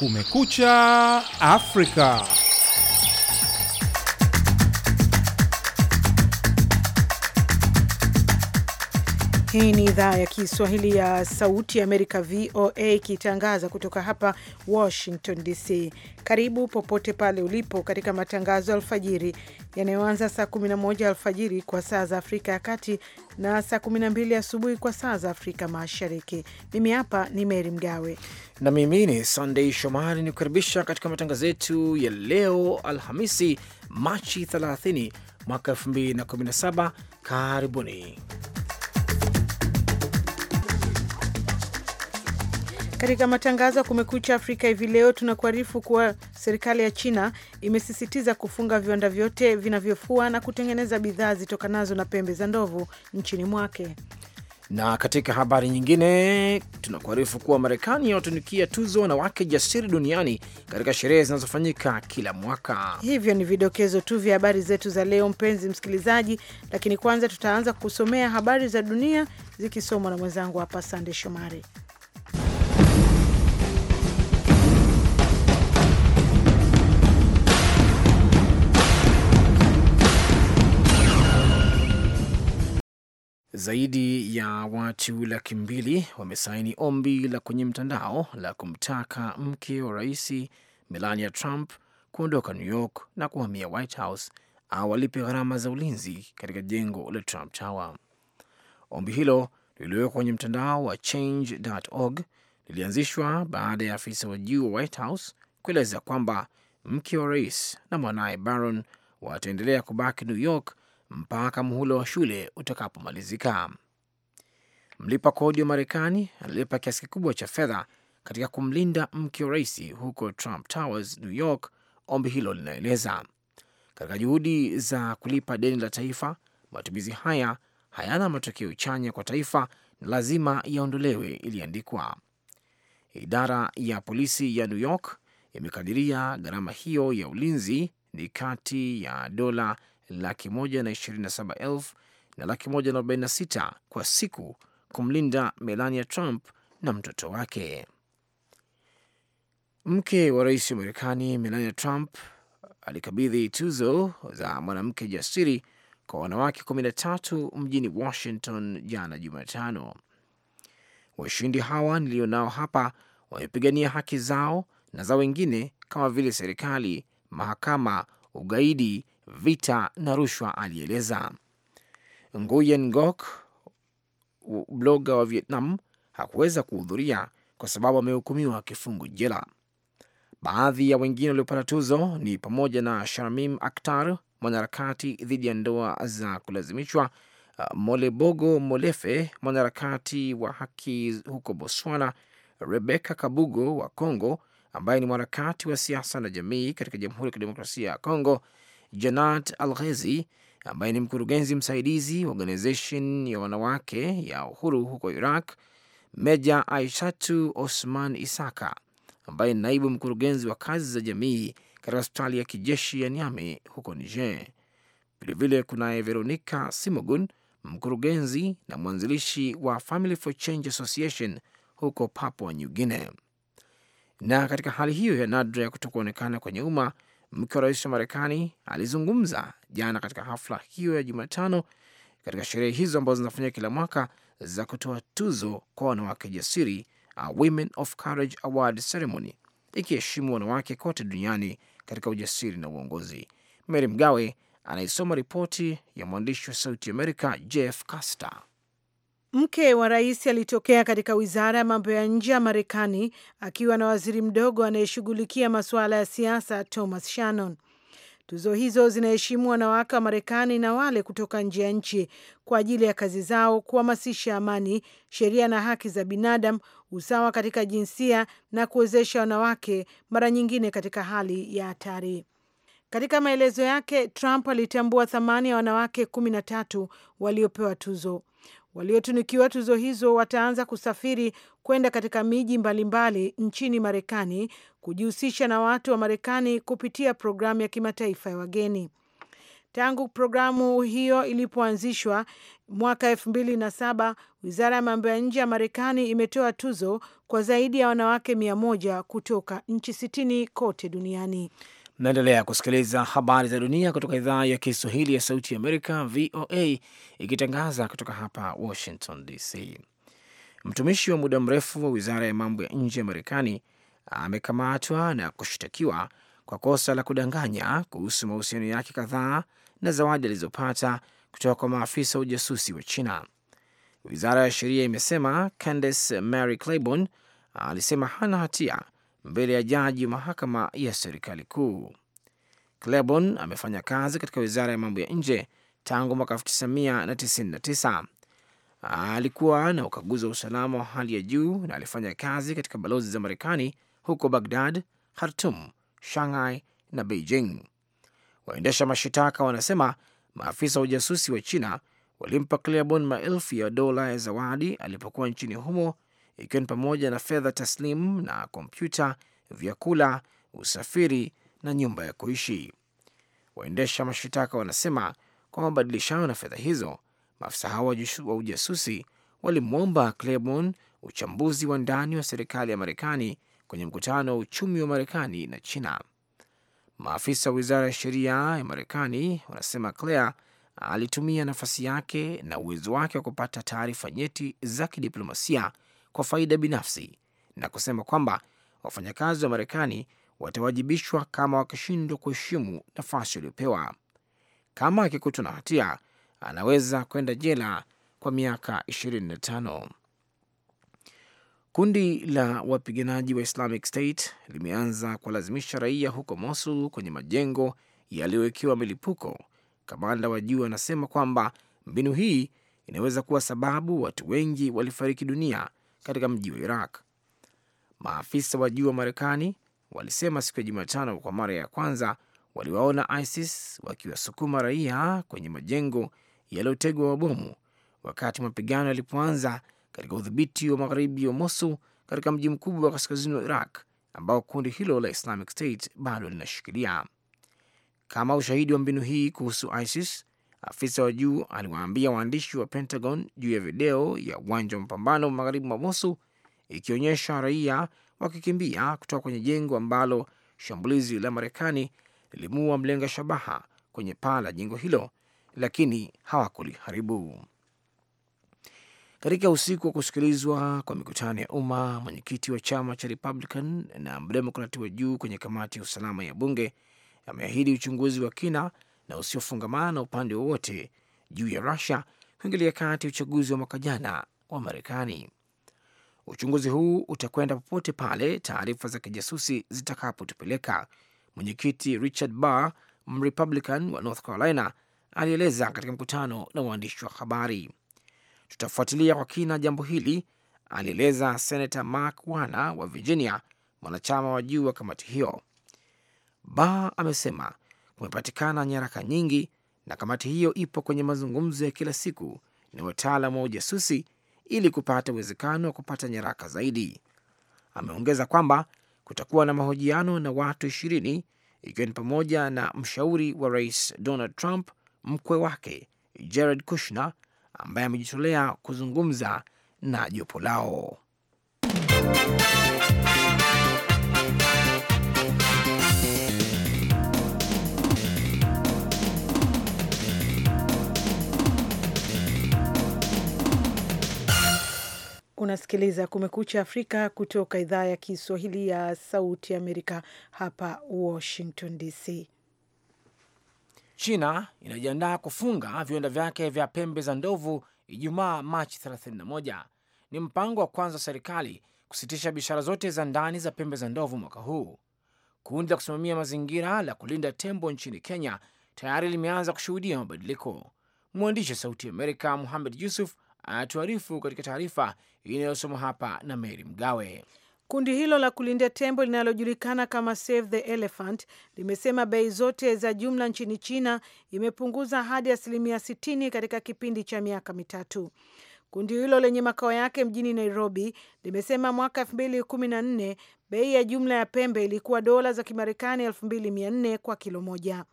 Kumekucha Afrika. Hii ni idhaa ya Kiswahili ya Sauti ya Amerika, VOA, ikitangaza kutoka hapa Washington DC. Karibu popote pale ulipo katika matangazo ya alfajiri yanayoanza saa 11 alfajiri kwa saa za Afrika ya Kati na saa 12 asubuhi kwa saa za Afrika Mashariki. Mimi hapa ni Meri Mgawe na mimi ni Sandei Shomari, ni kukaribisha katika matangazo yetu ya leo Alhamisi, Machi 30 mwaka 2017. Karibuni. Katika matangazo ya Kumekucha Afrika hivi leo tunakuarifu kuwa serikali ya China imesisitiza kufunga viwanda vyote vinavyofua na kutengeneza bidhaa zitokanazo na pembe za ndovu nchini mwake. Na katika habari nyingine tunakuarifu kuwa Marekani yawatunukia tuzo wanawake jasiri duniani katika sherehe zinazofanyika kila mwaka. Hivyo ni vidokezo tu vya habari zetu za leo, mpenzi msikilizaji, lakini kwanza tutaanza kusomea habari za dunia zikisomwa na mwenzangu hapa Sande Shomari. Zaidi ya watu laki mbili wamesaini ombi la kwenye mtandao la kumtaka mke wa rais Melania Trump kuondoka New York na kuhamia White House au alipe gharama za ulinzi katika jengo la Trump Tower. Ombi hilo lililowekwa kwenye mtandao wa change.org lilianzishwa baada ya afisa wa juu wa White House kueleza kwamba mke wa rais na mwanaye baron wataendelea kubaki New York mpaka muhula wa shule utakapomalizika. Mlipa kodi wa Marekani analipa kiasi kikubwa cha fedha katika kumlinda mke wa rais huko Trump Towers, New York, ombi hilo linaeleza. Katika juhudi za kulipa deni la taifa, matumizi haya hayana matokeo chanya kwa taifa na lazima yaondolewe, iliandikwa. Idara ya polisi ya New York imekadiria gharama hiyo ya ulinzi ni kati ya dola laki moja na ishirini na saba elfu na laki moja na arobaini na sita kwa siku kumlinda Melania Trump na mtoto wake. Mke wa rais wa Marekani Melania Trump alikabidhi tuzo za mwanamke jasiri kwa wanawake 13 mjini Washington jana Jumatano. Washindi hawa nilionao hapa wamepigania haki zao na za wengine kama vile serikali, mahakama, ugaidi vita na rushwa, alieleza. Nguyen Gok, bloga wa Vietnam, hakuweza kuhudhuria kwa sababu amehukumiwa kifungo jela. Baadhi ya wengine waliopata tuzo ni pamoja na Sharmim Akhtar, mwanaharakati dhidi ya ndoa za kulazimishwa, uh, Molebogo Molefe, mwanaharakati wa haki huko Botswana, rebeka Kabugo wa Congo, ambaye ni mwanaharakati wa siasa na jamii katika Jamhuri ya Kidemokrasia ya Kongo, Janat Alghezi ambaye ni mkurugenzi msaidizi wa Organization ya Wanawake ya Uhuru huko Iraq, Meja Aishatu Osman Isaka ambaye ni naibu mkurugenzi wa kazi za jamii katika hospitali ya kijeshi ya Niame huko Niger. Vilevile kunaye Veronica Simogun, mkurugenzi na mwanzilishi wa Family for Change Association huko Papua New Guinea. Na katika hali hiyo ya nadra ya kutokuonekana kwenye umma mke wa rais wa Marekani alizungumza jana katika hafla hiyo ya Jumatano katika sherehe hizo ambazo zinafanyika kila mwaka za kutoa tuzo kwa wanawake jasiri, uh, Women of Courage Award Ceremony, ikiheshimu wanawake kote duniani katika ujasiri na uongozi. Mary Mgawe anaisoma ripoti ya mwandishi wa Sauti Amerika Jeff Caster. Mke wa rais alitokea katika wizara ya mambo ya nje ya Marekani akiwa na waziri mdogo anayeshughulikia masuala ya siasa Thomas Shannon. Tuzo hizo zinaheshimu wanawake wa Marekani na wale kutoka nje ya nchi kwa ajili ya kazi zao kuhamasisha amani, sheria na haki za binadamu, usawa katika jinsia na kuwezesha wanawake, mara nyingine katika hali ya hatari. Katika maelezo yake, Trump alitambua thamani ya wanawake kumi na tatu waliopewa tuzo. Waliotunukiwa tuzo hizo wataanza kusafiri kwenda katika miji mbalimbali nchini Marekani kujihusisha na watu wa Marekani kupitia programu ya kimataifa ya wageni. Tangu programu hiyo ilipoanzishwa mwaka elfu mbili na saba, wizara ya mambo ya nje ya Marekani imetoa tuzo kwa zaidi ya wanawake mia moja kutoka nchi sitini kote duniani. Naendelea kusikiliza habari za dunia kutoka idhaa ya Kiswahili ya Sauti ya Amerika, VOA, ikitangaza kutoka hapa Washington DC. Mtumishi wa muda mrefu wa wizara ya mambo ya nje ya Marekani amekamatwa na kushtakiwa kwa kosa la kudanganya kuhusu mahusiano yake kadhaa na zawadi alizopata kutoka kwa maafisa wa ujasusi wa China. Wizara ya sheria imesema Candace Mary Claiborne alisema hana hatia mbele ya jaji mahakama ya serikali kuu. clebon amefanya kazi katika wizara ya mambo ya nje tangu mwaka 1999. Alikuwa na ukaguzi wa usalama wa hali ya juu na alifanya kazi katika balozi za Marekani huko Bagdad, Khartum, Shanghai na Beijing. Waendesha mashitaka wanasema maafisa wa ujasusi wa China walimpa clebon maelfu ya dola ya zawadi alipokuwa nchini humo ikiwa ni pamoja na fedha taslimu na kompyuta, vyakula, usafiri na nyumba ya kuishi. Waendesha mashitaka wanasema kwa mabadilishano na fedha hizo, maafisa hao wa ujasusi walimwomba Claiborne uchambuzi wa ndani wa serikali ya Marekani kwenye mkutano wa uchumi wa Marekani na China. Maafisa wa wizara ya sheria ya Marekani wanasema Claire alitumia nafasi yake na uwezo wake wa kupata taarifa nyeti za kidiplomasia kwa faida binafsi na kusema kwamba wafanyakazi wa Marekani watawajibishwa kama wakishindwa kuheshimu nafasi waliopewa. Kama akikutwa na hatia, anaweza kwenda jela kwa miaka 25. Kundi la wapiganaji wa Islamic State limeanza kuwalazimisha raia huko Mosul kwenye majengo yaliyowekewa milipuko. Kamanda wa juu anasema kwamba mbinu hii inaweza kuwa sababu watu wengi walifariki dunia katika mji wa Iraq. Maafisa wa juu wa Marekani walisema siku ya Jumatano kwa mara ya kwanza waliwaona ISIS wakiwasukuma raia kwenye majengo yaliyotegwa mabomu wakati mapigano yalipoanza katika udhibiti wa magharibi wa Mosul, katika mji mkubwa wa kaskazini wa Iraq ambao kundi hilo la Islamic State bado linashikilia. Kama ushahidi wa mbinu hii kuhusu ISIS, Afisa wa juu aliwaambia waandishi wa Pentagon juu ya video ya uwanja wa mapambano magharibi mwa Mosul ikionyesha raia wakikimbia kutoka kwenye jengo ambalo shambulizi la Marekani lilimua mlenga shabaha kwenye paa la jengo hilo, lakini hawakuliharibu. Katika usiku wa kusikilizwa kwa mikutano ya umma, mwenyekiti wa chama cha Republican na mdemokrati wa juu kwenye kamati ya usalama ya bunge ameahidi uchunguzi wa kina na usiofungamana na upande wowote juu ya Rusia kuingilia kati uchaguzi wa mwaka jana wa Marekani. Uchunguzi huu utakwenda popote pale taarifa za kijasusi zitakapotupeleka, mwenyekiti Richard Barr, Mrepublican wa North Carolina, alieleza katika mkutano na waandishi wa habari. Tutafuatilia kwa kina jambo hili, alieleza Senator Mark Wana wa Virginia, mwanachama wa juu wa kamati hiyo. Barr amesema kumepatikana nyaraka nyingi, na kamati hiyo ipo kwenye mazungumzo ya kila siku na wataalam wa ujasusi ili kupata uwezekano wa kupata nyaraka zaidi. Ameongeza kwamba kutakuwa na mahojiano na watu ishirini ikiwa ni pamoja na mshauri wa rais Donald Trump, mkwe wake Jared Kushner ambaye amejitolea kuzungumza na jopo lao. Unasikiliza Kumekucha Afrika kutoka idhaa ya Kiswahili ya Sauti Amerika, hapa Washington DC. China inajiandaa kufunga viwanda vyake vya pembe za ndovu Ijumaa Machi 31. Ni mpango wa kwanza wa serikali kusitisha biashara zote za ndani za pembe za ndovu mwaka huu. Kundi la kusimamia mazingira la kulinda tembo nchini Kenya tayari limeanza kushuhudia mabadiliko. Mwandishi wa Sauti Amerika Muhamed Yusuf atuarifu katika taarifa inayosoma hapa na Meri Mgawe. Kundi hilo la kulinda tembo linalojulikana kama Save the Elephant limesema bei zote za jumla nchini China imepunguza hadi asilimia 60 katika kipindi cha miaka mitatu. Kundi hilo lenye makao yake mjini Nairobi limesema mwaka 2014 bei ya jumla ya pembe ilikuwa dola za Kimarekani 2400 kwa kilo moja.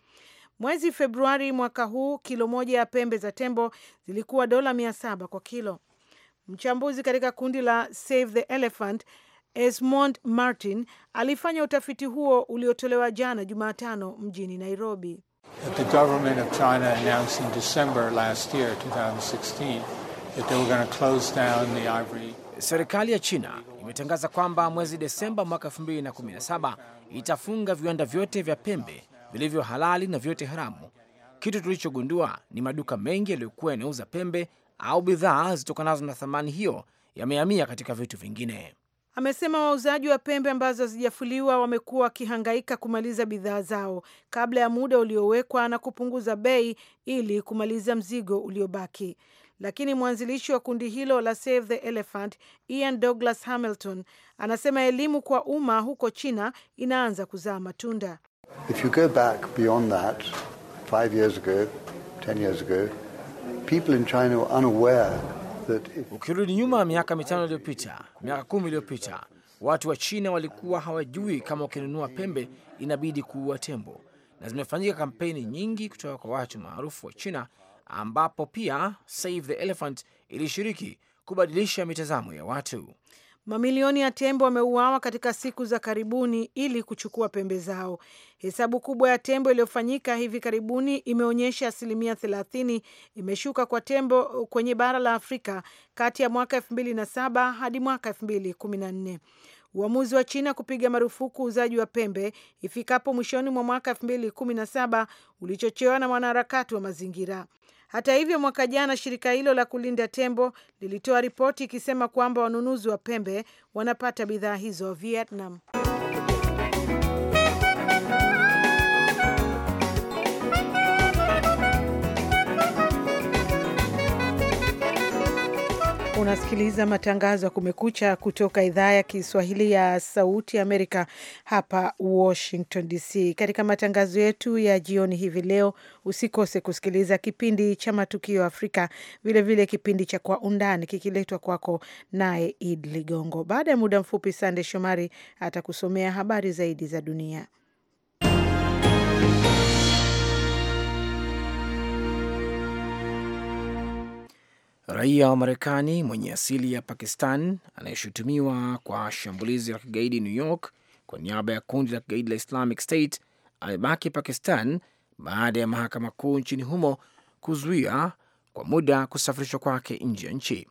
Mwezi Februari mwaka huu, kilo moja ya pembe za tembo zilikuwa dola mia saba kwa kilo. Mchambuzi katika kundi la Save the Elephant Esmond Martin alifanya utafiti huo uliotolewa jana Jumatano mjini Nairobi. Serikali ya China imetangaza kwamba mwezi Desemba mwaka 2017 itafunga viwanda vyote vya pembe vilivyo halali na vyote haramu. Kitu tulichogundua ni maduka mengi yaliyokuwa yanauza pembe au bidhaa zitokanazo na thamani hiyo yamehamia katika vitu vingine. Amesema wauzaji wa pembe ambazo hazijafuliwa wamekuwa wakihangaika kumaliza bidhaa zao kabla ya muda uliowekwa na kupunguza bei ili kumaliza mzigo uliobaki. Lakini mwanzilishi wa kundi hilo la Save the Elephant, Ian Douglas Hamilton, anasema elimu kwa umma huko China inaanza kuzaa matunda. If you go back beyond that, five years ago, ten years ago, people in China were unaware that if... Ukirudi nyuma miaka mitano iliyopita, miaka kumi iliyopita, watu wa China walikuwa hawajui kama ukinunua pembe inabidi kuua tembo, na zimefanyika kampeni nyingi kutoka kwa watu maarufu wa China, ambapo pia Save the Elephant ilishiriki kubadilisha mitazamo ya watu. Mamilioni ya tembo wameuawa katika siku za karibuni ili kuchukua pembe zao. Hesabu kubwa ya tembo iliyofanyika hivi karibuni imeonyesha asilimia 30 imeshuka kwa tembo kwenye bara la Afrika kati ya mwaka 27 hadi mwaka 214 Uamuzi wa China kupiga marufuku uuzaji wa pembe ifikapo mwishoni mwa mwaka elfu mbili kumi na saba ulichochewa na wanaharakati wa mazingira. Hata hivyo, mwaka jana shirika hilo la kulinda tembo lilitoa ripoti ikisema kwamba wanunuzi wa pembe wanapata bidhaa hizo Vietnam. Unasikiliza matangazo ya Kumekucha kutoka idhaa ya Kiswahili ya Sauti Amerika hapa Washington DC. Katika matangazo yetu ya jioni hivi leo, usikose kusikiliza kipindi cha Matukio Afrika, vilevile vile kipindi cha Kwa Undani kikiletwa kwako naye Id Ligongo. Baada ya muda mfupi, Sande Shomari atakusomea habari zaidi za dunia. Raia wa Marekani mwenye asili ya Pakistan anayeshutumiwa kwa shambulizi la kigaidi New York kwa niaba ya kundi la kigaidi la Islamic State amebaki Pakistan baada ya mahakama kuu nchini humo kuzuia kwa muda kusafirishwa kwake nje ya nchi.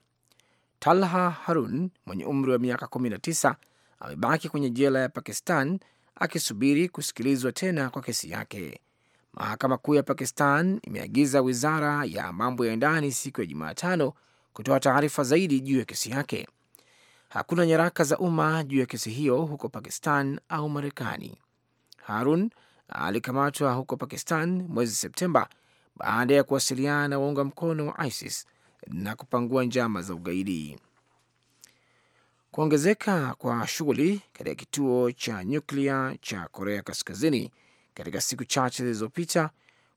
Talha Harun mwenye umri wa miaka 19 amebaki kwenye jela ya Pakistan akisubiri kusikilizwa tena kwa kesi yake. Mahakama Kuu ya Pakistan imeagiza wizara ya mambo ya ndani siku ya Jumatano kutoa taarifa zaidi juu ya kesi yake. Hakuna nyaraka za umma juu ya kesi hiyo huko Pakistan au Marekani. Harun alikamatwa huko Pakistan mwezi Septemba baada ya kuwasiliana na waunga mkono wa ISIS na kupangua njama za ugaidi. Kuongezeka kwa shughuli katika kituo cha nyuklia cha Korea Kaskazini katika siku chache zilizopita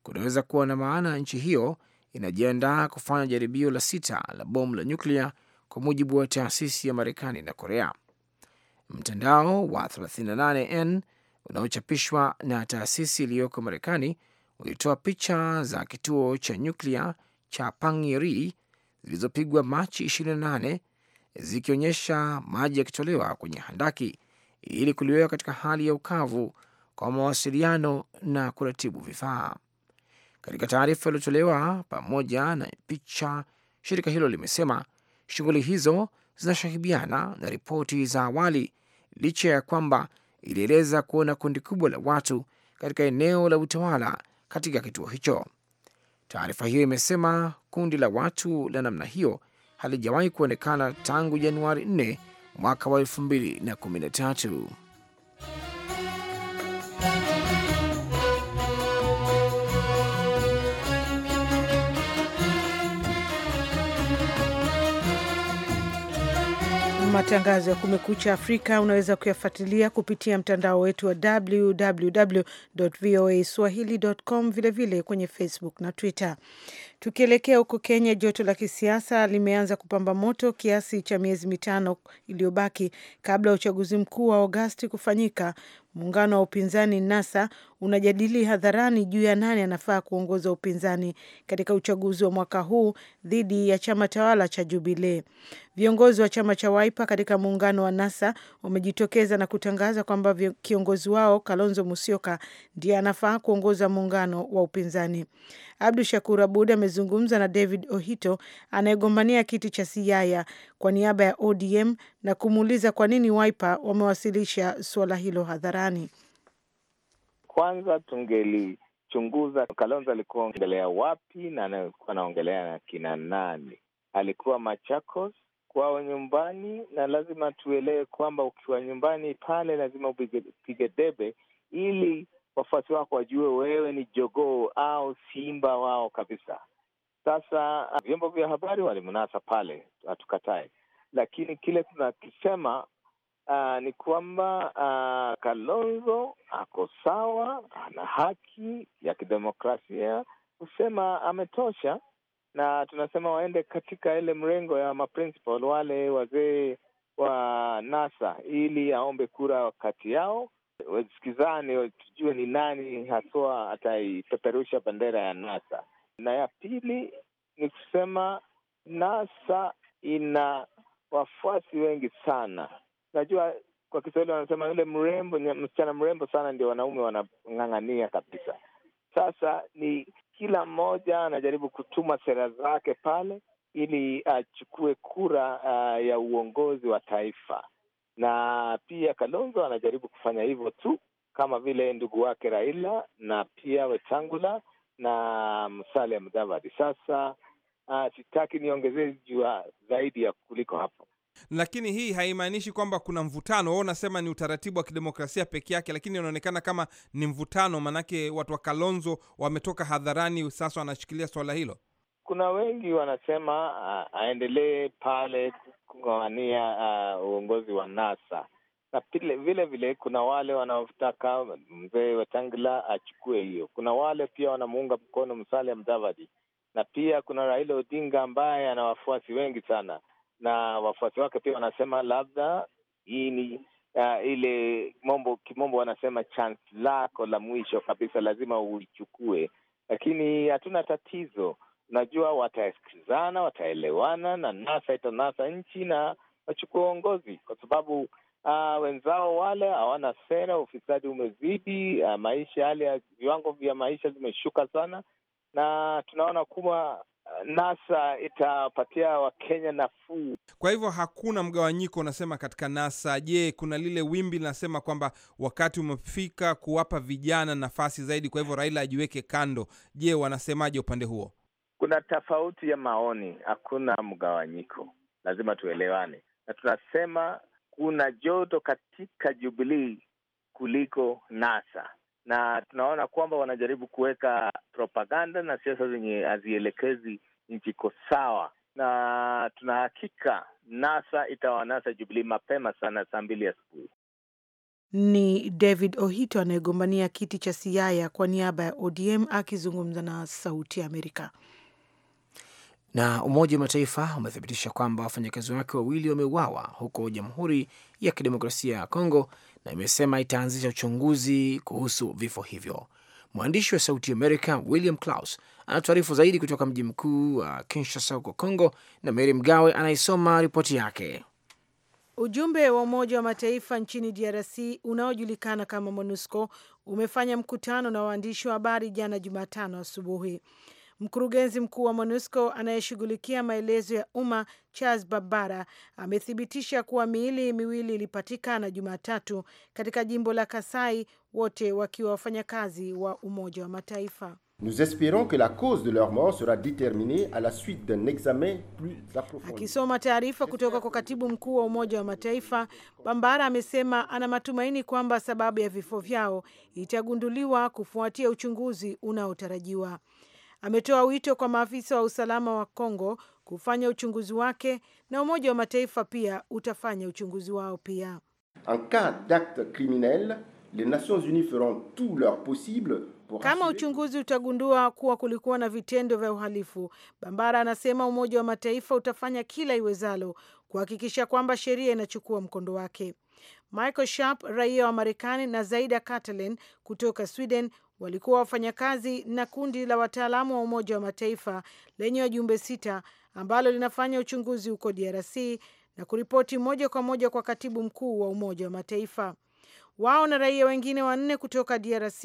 kunaweza kuwa na maana nchi hiyo inajiandaa kufanya jaribio la sita la bomu la nyuklia, kwa mujibu wa taasisi ya Marekani na Korea. Mtandao wa 38N unaochapishwa na taasisi iliyoko Marekani ulitoa picha za kituo cha nyuklia cha Pangiri zilizopigwa Machi 28 zikionyesha maji yakitolewa kwenye handaki ili kuliweka katika hali ya ukavu kwa mawasiliano na kuratibu vifaa. Katika taarifa iliyotolewa pamoja na picha, shirika hilo limesema shughuli hizo zinashahibiana na ripoti za awali, licha ya kwamba ilieleza kuona kundi kubwa la watu katika eneo la utawala katika kituo hicho. Taarifa hiyo imesema kundi la watu la namna hiyo halijawahi kuonekana tangu Januari 4 mwaka wa 2013. Matangazo ya Kumekucha Afrika unaweza kuyafuatilia kupitia mtandao wetu wa www voa swahili.com, vilevile kwenye Facebook na Twitter. Tukielekea huko Kenya, joto la kisiasa limeanza kupamba moto kiasi cha miezi mitano iliyobaki kabla ya uchaguzi mkuu wa Agosti kufanyika, Muungano wa upinzani NASA unajadili hadharani juu ya nani anafaa kuongoza upinzani katika uchaguzi wa mwaka huu dhidi ya chama tawala cha Jubilee. Viongozi wa chama cha waipa katika muungano wa NASA wamejitokeza na kutangaza kwamba kiongozi wao Kalonzo Musyoka ndiye anafaa kuongoza muungano wa upinzani. Abdu Shakur Abud amezungumza na David Ohito anayegombania kiti cha Siaya kwa niaba ya ODM na kumuuliza kwa nini waipa wamewasilisha suala hilo hadharani. Kwanza tungelichunguza Kalonzo alikuwa ongelea wapi na anakuwa anaongelea na kina nani. Alikuwa Machakos kwao nyumbani, na lazima tuelewe kwamba ukiwa nyumbani pale lazima upige debe ili wafuasi wako wajue wewe ni jogoo au simba wao kabisa. Sasa uh, vyombo vya habari walimnasa pale, hatukatae, lakini kile tunakisema uh, ni kwamba uh, Kalonzo ako sawa, ana haki ya kidemokrasia kusema ametosha, na tunasema waende katika ile mrengo ya maprincipal wale wazee wa NASA ili aombe kura wakati yao wasikizane, tujue ni nani haswa ataipeperusha bendera ya NASA. Na ya pili ni kusema NASA ina wafuasi wengi sana. Najua kwa Kiswahili wanasema yule mrembo, msichana mrembo sana ndio wanaume wanang'ang'ania kabisa. Sasa ni kila mmoja anajaribu kutuma sera zake pale ili achukue kura uh, ya uongozi wa taifa na pia Kalonzo anajaribu kufanya hivyo tu kama vile ndugu wake Raila na pia Wetangula na Musalia Mudavadi. Sasa uh, sitaki niongezee jua zaidi ya kuliko hapo, lakini hii haimaanishi kwamba kuna mvutano. Wao unasema ni utaratibu wa kidemokrasia peke yake, lakini inaonekana kama ni mvutano, maanake watu wa Kalonzo wametoka hadharani, sasa wanashikilia swala hilo. Kuna wengi wanasema uh, aendelee pale kuwania uh, uongozi wa NASA na pile, vile vile kuna wale wanaotaka mzee Wetangula achukue hiyo. Kuna wale pia wanamuunga mkono Musalia Mudavadi, na pia kuna Raila Odinga ambaye ana wafuasi wengi sana, na wafuasi wake pia wanasema labda hii ni uh, ile mombo kimombo wanasema chance lako la mwisho kabisa lazima uichukue, lakini hatuna tatizo najua watasikizana, wataelewana na NASA itanasa nchi na wachukua uongozi, kwa sababu uh, wenzao wale hawana sera. Ufisadi umezidi, uh, maisha hali ya viwango vya maisha zimeshuka sana, na tunaona kuwa ah, NASA itapatia Wakenya nafuu. Kwa hivyo hakuna mgawanyiko unasema katika NASA. Je, kuna lile wimbi linasema kwamba wakati umefika kuwapa vijana nafasi zaidi, kwa hivyo Raila ajiweke kando. Je, wanasemaje upande huo? kuna tofauti ya maoni, hakuna mgawanyiko, lazima tuelewane, na tunasema kuna joto katika jubilii kuliko NASA, na tunaona kwamba wanajaribu kuweka propaganda na siasa zenye hazielekezi nchi iko sawa, na tunahakika NASA itawanasa jubilii mapema sana, saa mbili asubuhi. Ni David Ohito anayegombania kiti cha Siaya kwa niaba ya ODM akizungumza na Sauti ya Amerika. Na Umoja wa Mataifa umethibitisha kwamba wafanyakazi wake wawili wameuawa huko Jamhuri ya Kidemokrasia ya Kongo na imesema itaanzisha uchunguzi kuhusu vifo hivyo. Mwandishi wa Sauti Amerika William Klaus anatuarifu zaidi kutoka mji mkuu wa Kinshasa huko Kongo, na Meri Mgawe anaisoma ripoti yake. Ujumbe wa Umoja wa Mataifa nchini DRC unaojulikana kama MONUSCO umefanya mkutano na waandishi wa habari jana Jumatano asubuhi. Mkurugenzi mkuu wa MONUSCO anayeshughulikia maelezo ya umma Charles Bambara amethibitisha kuwa miili miwili ilipatikana Jumatatu katika jimbo la Kasai, wote wakiwa wafanyakazi wa Umoja wa Mataifa. Nous espérons que la cause de leur mort sera déterminée à la suite d'un examen plus approfondi. Akisoma taarifa kutoka kwa Katibu Mkuu wa Umoja wa Mataifa, Bambara amesema ana matumaini kwamba sababu ya vifo vyao itagunduliwa kufuatia uchunguzi unaotarajiwa ametoa wito kwa maafisa wa usalama wa Kongo kufanya uchunguzi wake na Umoja wa Mataifa pia utafanya uchunguzi wao pia. En cas d'acte criminel, les Nations Unies feront tout leur possible pour... Kama uchunguzi utagundua kuwa kulikuwa na vitendo vya uhalifu, Bambara anasema Umoja wa Mataifa utafanya kila iwezalo kuhakikisha kwamba sheria inachukua mkondo wake. Michael Sharp, raia wa Marekani, na Zaida Catalan kutoka Sweden walikuwa wafanyakazi na kundi la wataalamu wa Umoja wa Mataifa lenye wajumbe sita ambalo linafanya uchunguzi huko DRC na kuripoti moja kwa moja kwa katibu mkuu wa Umoja wa Mataifa. Wao na raia wengine wanne kutoka DRC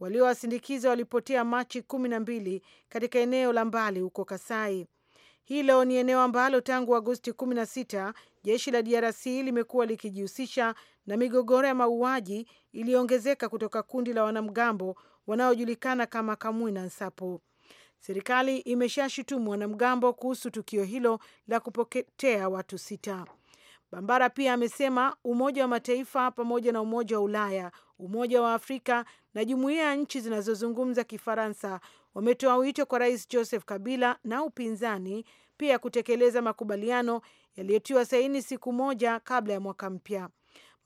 waliowasindikiza walipotea Machi kumi na mbili katika eneo la mbali huko Kasai. Hilo ni eneo ambalo tangu Agosti sita jeshi la DRC limekuwa likijihusisha na migogoro ya mauaji iliyoongezeka kutoka kundi la wanamgambo wanaojulikana kama Kamwina Nsapu. Serikali imeshashutumu wanamgambo kuhusu tukio hilo la kupotea watu sita. Bambara pia amesema Umoja wa Mataifa pamoja na Umoja wa Ulaya, Umoja wa Afrika na jumuiya ya nchi zinazozungumza Kifaransa wametoa wito kwa Rais Joseph Kabila na upinzani pia kutekeleza makubaliano yaliyotiwa saini siku moja kabla ya mwaka mpya.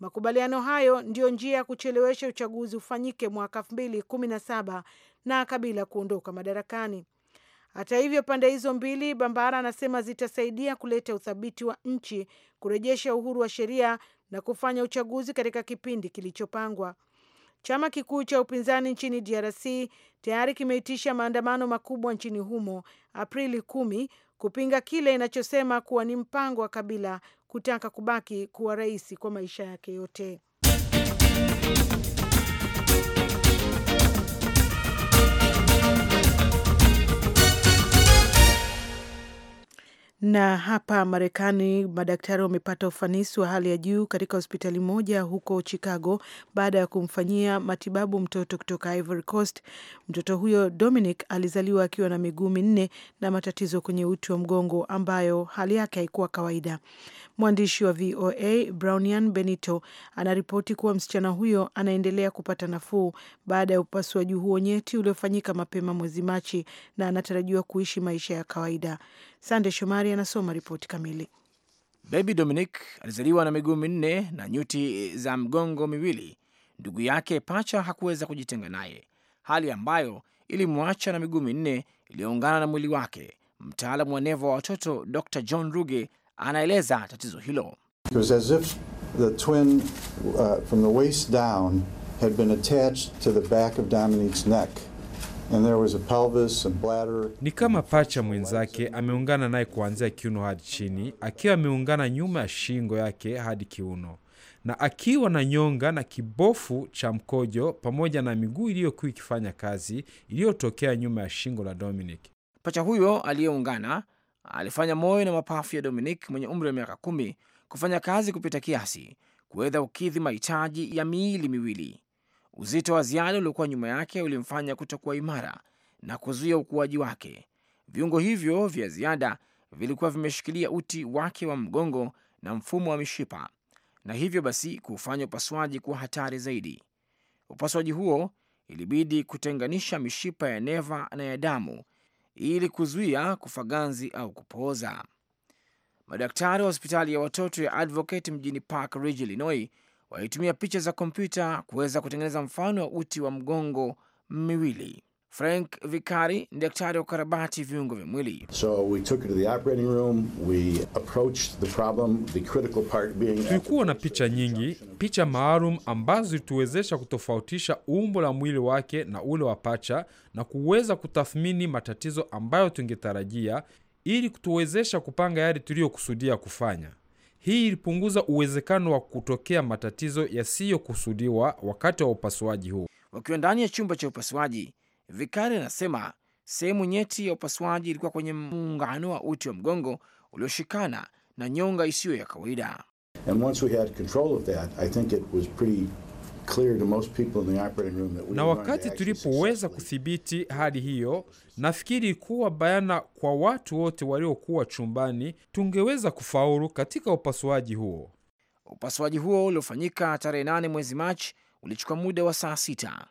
Makubaliano hayo ndiyo njia ya kuchelewesha uchaguzi ufanyike mwaka 2017 na Kabila kuondoka madarakani. Hata hivyo, pande hizo mbili, Bambara anasema zitasaidia kuleta uthabiti wa nchi, kurejesha uhuru wa sheria na kufanya uchaguzi katika kipindi kilichopangwa. Chama kikuu cha upinzani nchini DRC tayari kimeitisha maandamano makubwa nchini humo Aprili kumi kupinga kile inachosema kuwa ni mpango wa Kabila kutaka kubaki kuwa rais kwa maisha yake yote. Na hapa Marekani, madaktari wamepata ufanisi wa hali ya juu katika hospitali moja huko Chicago baada ya kumfanyia matibabu mtoto kutoka Ivory Coast. Mtoto huyo Dominic alizaliwa akiwa na miguu minne na matatizo kwenye uti wa mgongo ambayo hali yake haikuwa kawaida. Mwandishi wa VOA Brownian Benito anaripoti kuwa msichana huyo anaendelea kupata nafuu baada ya upasuaji huo nyeti uliofanyika mapema mwezi Machi na anatarajiwa kuishi maisha ya kawaida. Sande Shomari anasoma ripoti kamili. bebi Dominic alizaliwa na miguu minne na nyuti za mgongo miwili. Ndugu yake pacha hakuweza kujitenga naye, hali ambayo ilimwacha na miguu minne iliyoungana na mwili wake. Mtaalamu wa neva wa watoto Dr John Ruge anaeleza tatizo hilo. And there was a pelvis bladder. Ni kama pacha mwenzake ameungana naye kuanzia kiuno hadi chini, akiwa ameungana nyuma ya shingo yake hadi kiuno, na akiwa na nyonga na kibofu cha mkojo pamoja na miguu iliyokuwa ikifanya kazi iliyotokea nyuma ya shingo la Dominic. Pacha huyo aliyeungana alifanya moyo na mapafu ya Dominic mwenye umri wa miaka kumi kufanya kazi kupita kiasi kuweza kukidhi mahitaji ya miili miwili. Uzito wa ziada uliokuwa nyuma yake ulimfanya kutokuwa imara na kuzuia ukuaji wake. Viungo hivyo vya ziada vilikuwa vimeshikilia uti wake wa mgongo na mfumo wa mishipa, na hivyo basi kufanya upasuaji kuwa hatari zaidi. Upasuaji huo ilibidi kutenganisha mishipa ya neva na ya damu ili kuzuia kufaganzi au kupooza. Madaktari wa hospitali ya watoto ya Advocate mjini Park Ridge, Illinois walitumia picha za kompyuta kuweza kutengeneza mfano wa uti wa mgongo miwili. Frank Vikari ni daktari wa ukarabati viungo vya mwili. Tulikuwa na picha nyingi, picha maalum ambazo zilituwezesha kutofautisha umbo la mwili wake na ule wa pacha na kuweza kutathmini matatizo ambayo tungetarajia ili kutuwezesha kupanga yale tuliyokusudia kufanya. Hii ilipunguza uwezekano wa kutokea matatizo yasiyokusudiwa wakati wa upasuaji huu. Wakiwa ndani ya chumba cha upasuaji, vikari anasema sehemu nyeti ya upasuaji ilikuwa kwenye muungano wa uti wa mgongo ulioshikana na nyonga isiyo ya kawaida na wakati tulipoweza kuthibiti hali hiyo, nafikiri kuwa bayana kwa watu wote waliokuwa chumbani, tungeweza kufaulu katika upasuaji huo. Upasuaji huo uliofanyika tarehe nane mwezi Machi ulichukua muda wa saa sita.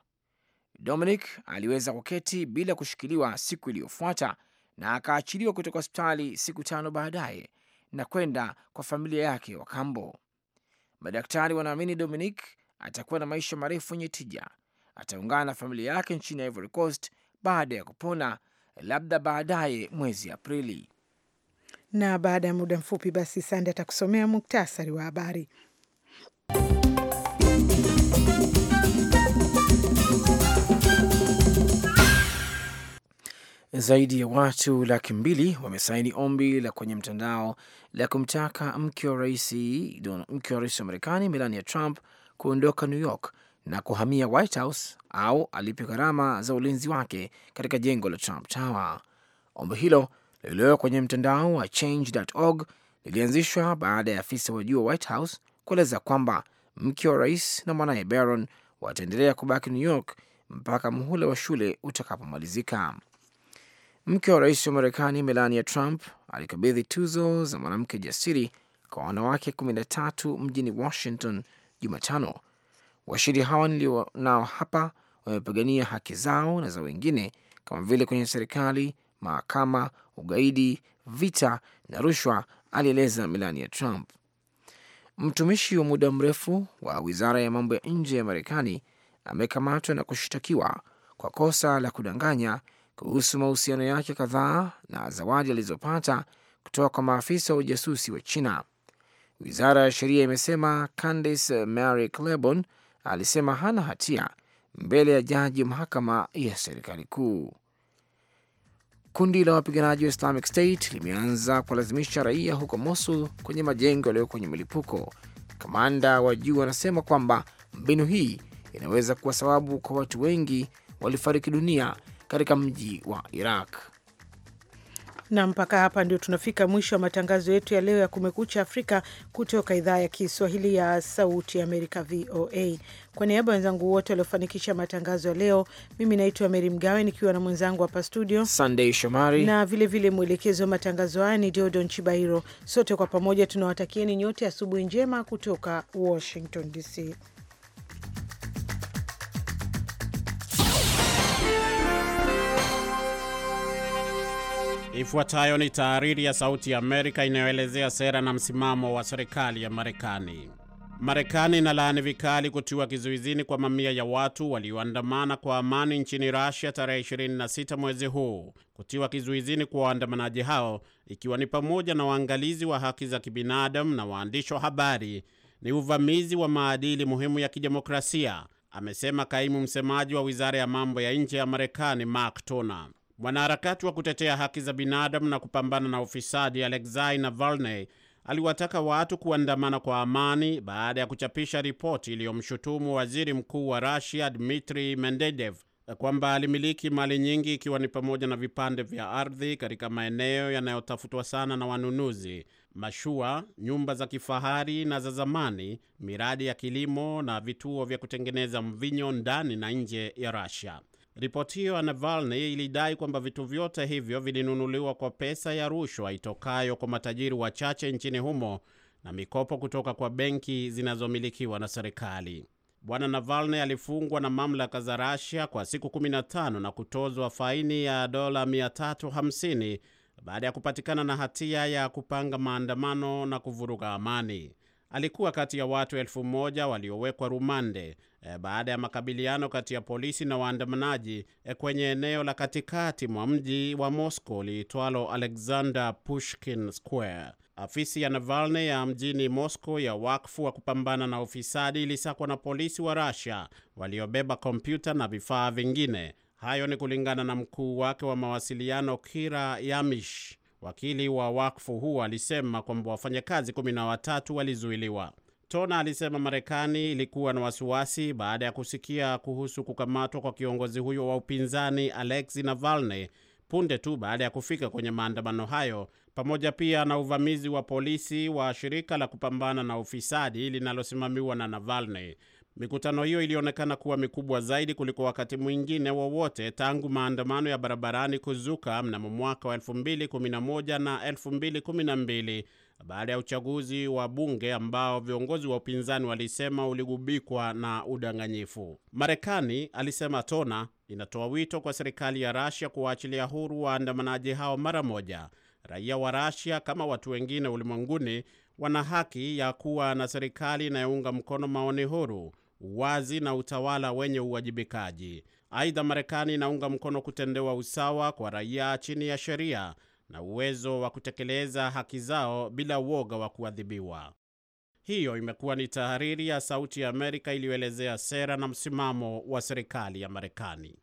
Dominic aliweza kuketi bila kushikiliwa siku iliyofuata na akaachiliwa kutoka hospitali siku tano baadaye na kwenda kwa familia yake Wakambo. Madaktari wanaamini Dominic atakuwa na maisha marefu yenye tija. Ataungana na familia yake nchini Ivory Coast baada ya kupona, labda baadaye mwezi Aprili. Na baada ya muda mfupi, basi Sande atakusomea muktasari wa habari. Zaidi ya watu laki mbili wamesaini ombi la kwenye mtandao la kumtaka mke wa rais wa Marekani Melania Trump kuondoka New York na kuhamia White House au alipe gharama za ulinzi wake katika jengo la Trump Tower. Ombi hilo lililokuwa kwenye mtandao wa change.org lilianzishwa baada ya afisa wa juu wa White House kueleza kwamba mke wa rais na mwanaye baron wataendelea kubaki New York mpaka muhula wa shule utakapomalizika. Mke wa rais wa Marekani Melania Trump alikabidhi tuzo za mwanamke jasiri kwa wanawake 13 mjini Washington Jumatano. washiri hawa nilio nao hapa wamepigania haki zao na za wengine kama vile kwenye serikali, mahakama, ugaidi, vita na rushwa, alieleza Melania Trump. Mtumishi wa muda mrefu wa wizara ya mambo ya nje ya Marekani amekamatwa na kushtakiwa kwa kosa la kudanganya kuhusu mahusiano yake kadhaa na zawadi alizopata kutoka kwa maafisa wa ujasusi wa China. Wizara ya sheria imesema Candice Mary clebon alisema hana hatia mbele ya jaji mahakama ya serikali kuu. Kundi la wapiganaji wa Islamic State limeanza kuwalazimisha raia huko Mosul kwenye majengo yaliyo kwenye milipuko. Kamanda wa juu anasema kwamba mbinu hii inaweza kuwa sababu kwa watu wengi walifariki dunia katika mji wa Iraq. Na mpaka hapa ndio tunafika mwisho wa matangazo yetu ya leo ya Kumekucha Afrika kutoka idhaa ya Kiswahili ya Sauti ya Amerika, VOA. Kwa niaba ya wenzangu wote waliofanikisha matangazo ya leo, mimi naitwa Meri Mgawe nikiwa na mwenzangu hapa studio Sandei Shomari, na vilevile mwelekezi wa matangazo haya ni Deodon Chibahiro. Sote kwa pamoja tunawatakieni nyote asubuhi njema kutoka Washington DC. Ifuatayo ni tahariri ya Sauti ya Amerika inayoelezea sera na msimamo wa serikali ya Marekani. Marekani inalaani vikali kutiwa kizuizini kwa mamia ya watu walioandamana kwa amani nchini Russia tarehe 26 mwezi huu. Kutiwa kizuizini kwa waandamanaji hao, ikiwa ni pamoja na waangalizi wa haki za kibinadamu na waandishi wa habari, ni uvamizi wa maadili muhimu ya kidemokrasia, amesema kaimu msemaji wa wizara ya mambo ya nje ya Marekani Mark Toner. Mwanaharakati wa kutetea haki za binadamu na kupambana na ufisadi Alexei Navalny aliwataka watu kuandamana kwa amani baada ya kuchapisha ripoti iliyomshutumu waziri mkuu wa Russia Dmitri Medvedev kwamba alimiliki mali nyingi ikiwa ni pamoja na vipande vya ardhi katika maeneo yanayotafutwa sana na wanunuzi, mashua, nyumba za kifahari na za zamani, miradi ya kilimo na vituo vya kutengeneza mvinyo ndani na nje ya Russia. Ripoti hiyo ya Navalny ilidai kwamba vitu vyote hivyo vilinunuliwa kwa pesa ya rushwa itokayo kwa matajiri wachache nchini humo na mikopo kutoka kwa benki zinazomilikiwa na serikali. Bwana Navalny alifungwa na mamlaka za Russia kwa siku 15 na kutozwa faini ya dola 350 baada ya kupatikana na hatia ya kupanga maandamano na kuvuruga amani alikuwa kati ya watu elfu moja waliowekwa rumande e, baada ya makabiliano kati ya polisi na waandamanaji e, kwenye eneo la katikati mwa mji wa Moscow liitwalo Alexander Pushkin Square. Afisi ya Navalny ya mjini Moscow ya wakfu wa kupambana na ufisadi ilisakwa na polisi wa Russia waliobeba kompyuta na vifaa vingine. Hayo ni kulingana na mkuu wake wa mawasiliano Kira Yamish. Wakili wa wakfu huu alisema kwamba wafanyakazi kumi na watatu walizuiliwa. Tona alisema Marekani ilikuwa na wasiwasi baada ya kusikia kuhusu kukamatwa kwa kiongozi huyo wa upinzani Alexei Navalny punde tu baada ya kufika kwenye maandamano hayo, pamoja pia na uvamizi wa polisi wa shirika la kupambana na ufisadi linalosimamiwa na Navalny Mikutano hiyo ilionekana kuwa mikubwa zaidi kuliko wakati mwingine wowote wa tangu maandamano ya barabarani kuzuka mnamo mwaka wa 2011 na 2012 baada ya uchaguzi wa bunge ambao viongozi wa upinzani walisema uligubikwa na udanganyifu. Marekani, alisema Tona, inatoa wito kwa serikali ya Russia kuwaachilia huru waandamanaji hao mara moja. Raia wa Russia kama watu wengine ulimwenguni wana haki ya kuwa na serikali inayounga mkono maoni huru uwazi na utawala wenye uwajibikaji. Aidha, Marekani inaunga mkono kutendewa usawa kwa raia chini ya sheria na uwezo wa kutekeleza haki zao bila uoga wa kuadhibiwa. Hiyo imekuwa ni tahariri ya Sauti ya Amerika iliyoelezea sera na msimamo wa serikali ya Marekani.